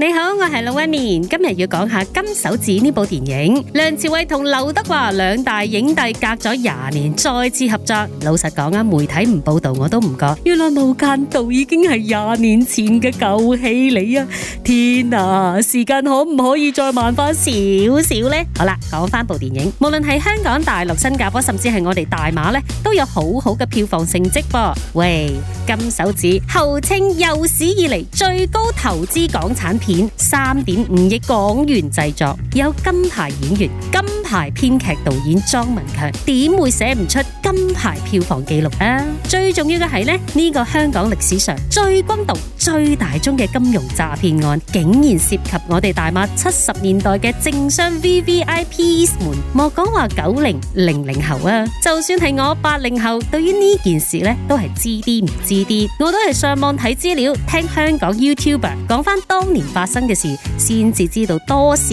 你好，我係老威面，今日要講下《金手指》呢部電影，梁朝偉同劉德華兩大影帝隔咗廿年再次合作。老實講啊，媒體唔報道我都唔覺。原來《無間道》已經係廿年前嘅舊戲嚟啊！天啊，時間可唔可以再慢翻少少呢？好啦，講翻部電影，無論係香港、大陸、新加坡，甚至係我哋大馬呢，都有好好嘅票房成績噃。喂，《金手指》號稱有史以嚟最高投資港產片。片三點五億港元製作，有金牌演員、金牌編劇、導演莊文強，點會寫唔出金牌票房紀錄啊？最重要嘅係呢，呢、呢個香港歷史上最轟動，最大宗嘅金融詐騙案，竟然涉及我哋大馬七十年代嘅政商 V V I P 們。莫講話九零零零後啊，就算係我八零後，對於呢件事咧，都係知啲唔知啲。我都係上網睇資料，聽香港 YouTuber 講翻當年發生嘅事，先至知道多少少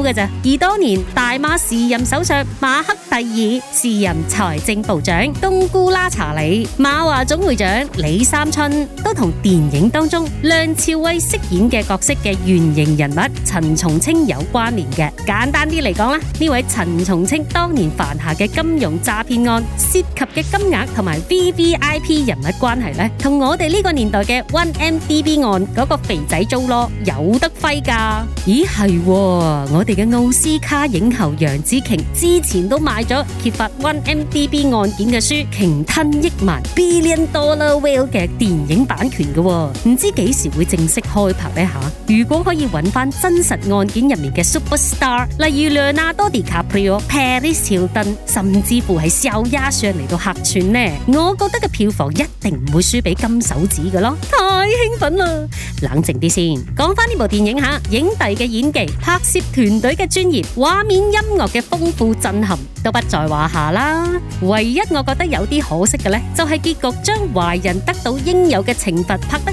嘅咋。而當年大馬時任首相馬哈蒂爾、時任財政部長東姑拉查理，馬華總會長李三春，都同電影。當中梁朝偉飾演嘅角色嘅原型人物陳松青有關聯嘅，簡單啲嚟講啦，呢位陳松青當年犯下嘅金融詐騙案涉及嘅金額同埋 VVIP 人物關係咧，同我哋呢個年代嘅 1MDB 案嗰個肥仔租咯有得揮噶，咦係、哦，我哋嘅奧斯卡影后楊紫瓊之前都買咗揭發 1MDB 案件嘅書《鯨吞億萬 Billion Dollar Whale》嘅電影版權噶、哦。唔知幾時會正式開拍呢吓！如果可以揾翻真實案件入面嘅 superstar，例如萊昂納多迪卡普里奧、帕里斯希爾頓，甚至乎係少爺上嚟到客串呢，我覺得嘅票房一定唔會輸俾金手指嘅咯！太興奮啦，冷靜啲先。講翻呢部電影吓，影帝嘅演技、拍攝團隊嘅專業、畫面、音樂嘅豐富震撼，都不在話下啦。唯一我覺得有啲可惜嘅呢，就係結局將壞人得到應有嘅懲罰拍得。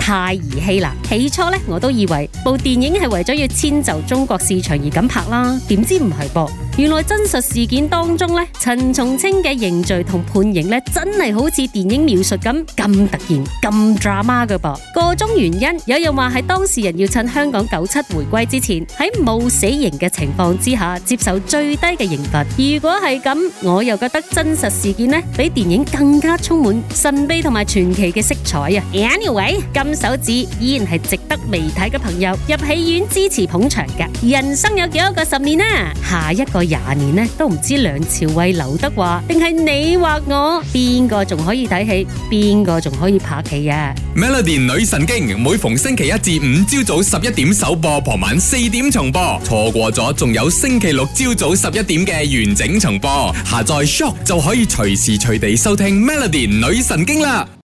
太兒戲啦！起初呢，我都以為部電影係為咗要遷就中國市場而咁拍啦，點知唔係噃。原來真實事件當中呢，陳松青嘅認罪同判刑呢，真係好似電影描述咁咁突然、咁 drama 噶噃。個中原因，有人話係當事人要趁香港九七回歸之前，喺冇死刑嘅情況之下接受最低嘅刑罰。如果係咁，我又覺得真實事件呢，比電影更加充滿神秘同埋傳奇嘅色彩啊。Anyway，手指依然係值得媒體嘅朋友入戲院支持捧場㗎。人生有幾多個十年啊？下一個廿年呢，都唔知梁朝偉、劉德華定係你或我，邊個仲可以睇戲，邊個仲可以拍戲啊？Melody 女神經，每逢星期一至五朝早十一點首播，傍晚四點重播，錯過咗仲有星期六朝早十一點嘅完整重播。下載 Syok 就可以隨時隨地收聽 Melody 女神經啦。